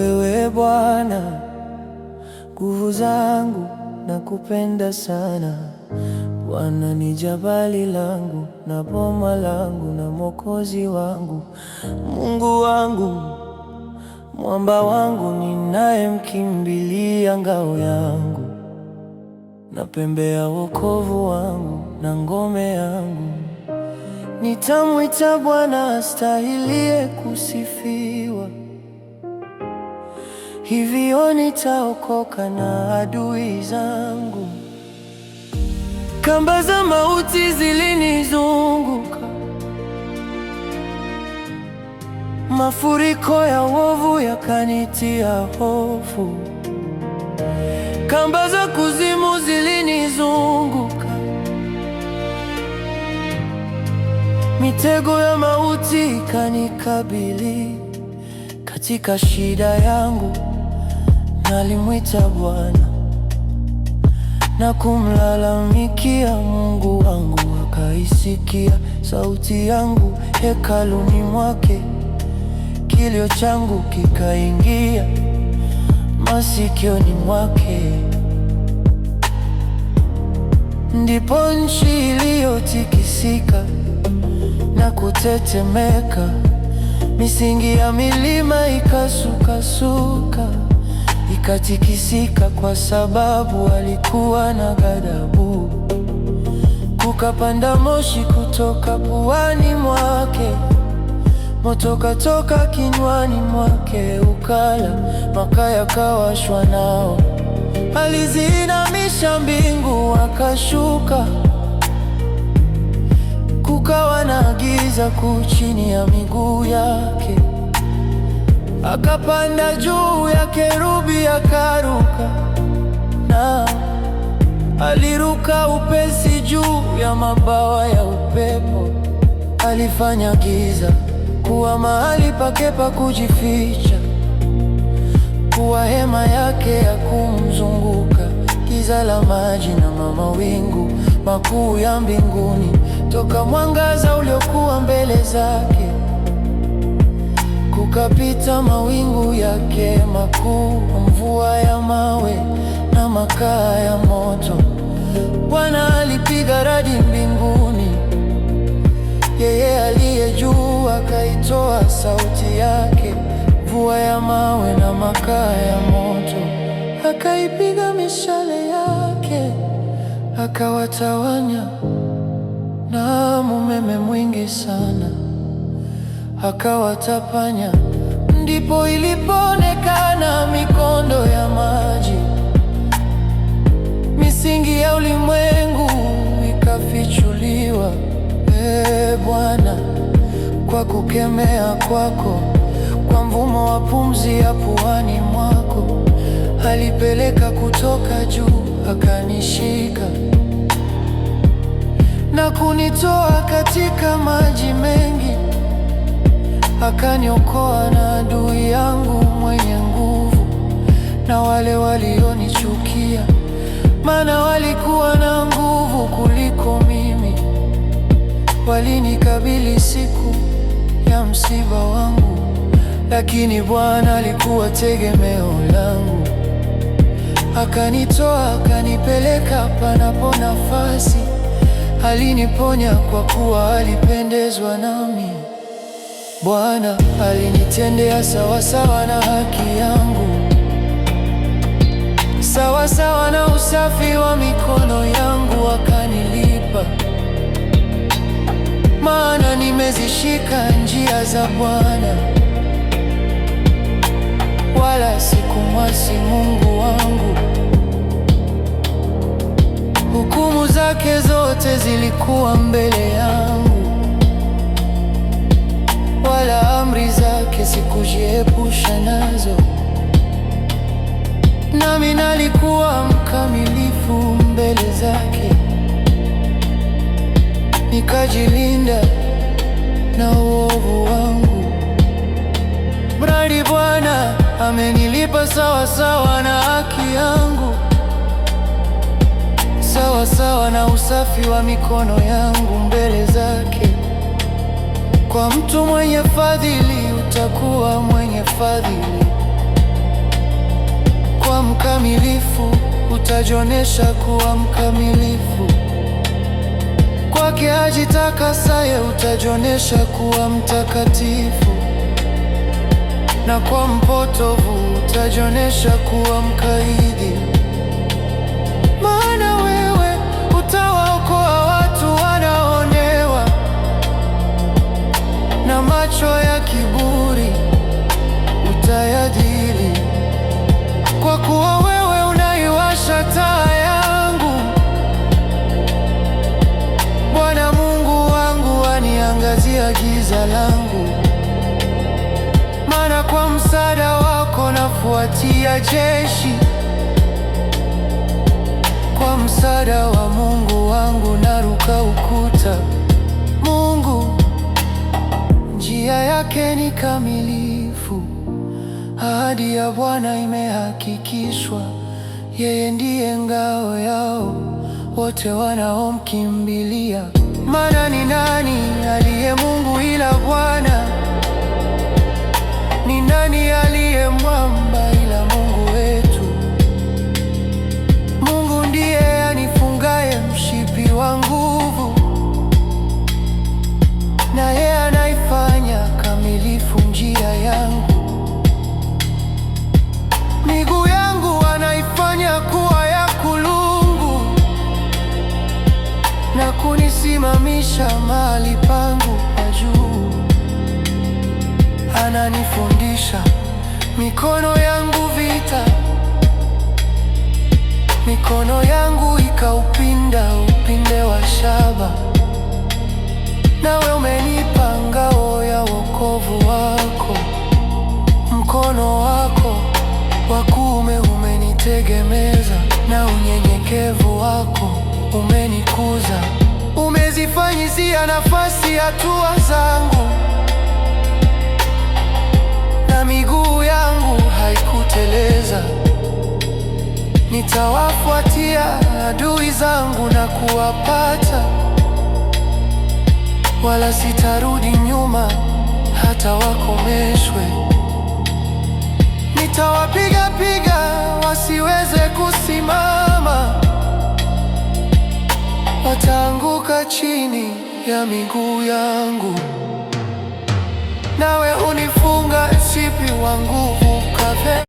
wewe Bwana, nguvu zangu nakupenda sana Bwana, ni jabali langu na boma langu na mwokozi wangu, Mungu wangu, mwamba wangu, ninayemkimbilia ngao yangu na pembe ya wokovu wangu na ngome yangu. Nitamwita Bwana astahilie kusifiwa hivyo nitaokoka na adui zangu. Kamba za mauti zilinizunguka, mafuriko ya wovu yakanitia hofu. Kamba za kuzimu zilinizunguka, mitego ya mauti ikanikabili. Katika shida yangu nalimwita Bwana na kumlalamikia Mungu wangu, akaisikia sauti yangu hekaluni mwake, kilio changu kikaingia masikioni mwake. Ndipo nchi iliyotikisika na kutetemeka, misingi ya milima ikasukasuka Nikatikisika kwa sababu alikuwa na ghadhabu, kukapanda moshi kutoka puani mwake, moto katoka kinywani mwake, ukala makaa yakawashwa nao. Aliziinamisha mbingu akashuka, kukawa na giza kuu chini ya miguu yake, akapanda juu ya keru akaruka na aliruka upesi juu ya mabawa ya upepo, alifanya giza kuwa mahali pake pa kujificha, kuwa hema yake ya kumzunguka, giza la maji na mawingu makuu ya mbinguni, toka mwangaza uliokuwa mbele zake ukapita mawingu yake makuu, mvua ya mawe na makaa ya moto. Bwana alipiga radi mbinguni, yeye aliye juu akaitoa sauti yake, mvua ya mawe na makaa ya moto. Akaipiga mishale yake, akawatawanya na umeme mwingi sana akawatapanya, ndipo ilipoonekana mikondo ya maji, misingi ya ulimwengu ikafichuliwa. E Bwana, kwa kukemea kwako, kwa mvumo wa pumzi ya puani mwako, alipeleka kutoka juu, akanishika na kunitoa katika maji mengi akaniokoa na adui yangu mwenye nguvu, na wale walionichukia, maana walikuwa na nguvu kuliko mimi, walinikabili siku ya msiba wangu, lakini Bwana alikuwa tegemeo langu, akanitoa akanipeleka panapo nafasi, aliniponya kwa kuwa alipendezwa nami. Bwana alinitendea sawasawa na haki yangu, sawasawa na usafi wa mikono yangu akanilipa. Maana nimezishika njia za Bwana, wala sikumwasi Mungu wangu. Hukumu zake zote zilikuwa mbele nami nalikuwa mkamilifu mbele zake, nikajilinda na uovu wangu, mradi Bwana amenilipa sawa sawa na haki yangu, sawa sawa na usafi wa mikono yangu mbele zake. Kwa mtu mwenye fadhili utakuwa mwenye fadhili kuwa mkamilifu, utajionyesha kuwa mkamilifu. Kwake ajitakasaye, utajionyesha kuwa mtakatifu, na kwa mpotovu utajionesha kuwa mkaidi. Kufuatia jeshi kwa msaada wa Mungu wangu naruka ukuta. Mungu njia yake ni kamilifu, ahadi ya Bwana imehakikishwa. Yeye ndiye ngao yao wote wanaomkimbilia. Maana ni nani aliye Mungu ila Bwana? Ni nani aliye Ananisimamisha mali pangu pa juu, ananifundisha mikono yangu vita, mikono yangu ikaupinda upinde wa shaba, nawe umenipa ngao ya wokovu wako, mkono wako wa kuume umenitegemeza, na unyenyekevu wako umenikuza nazifanyizia nafasi hatua zangu, na miguu yangu haikuteleza. Nitawafuatia adui zangu na kuwapata, wala sitarudi nyuma hata wakomeshwe. Nitawapiga piga wasiweze kusimama chini ya miguu yangu, nawe unifunga sipi wa nguvu kae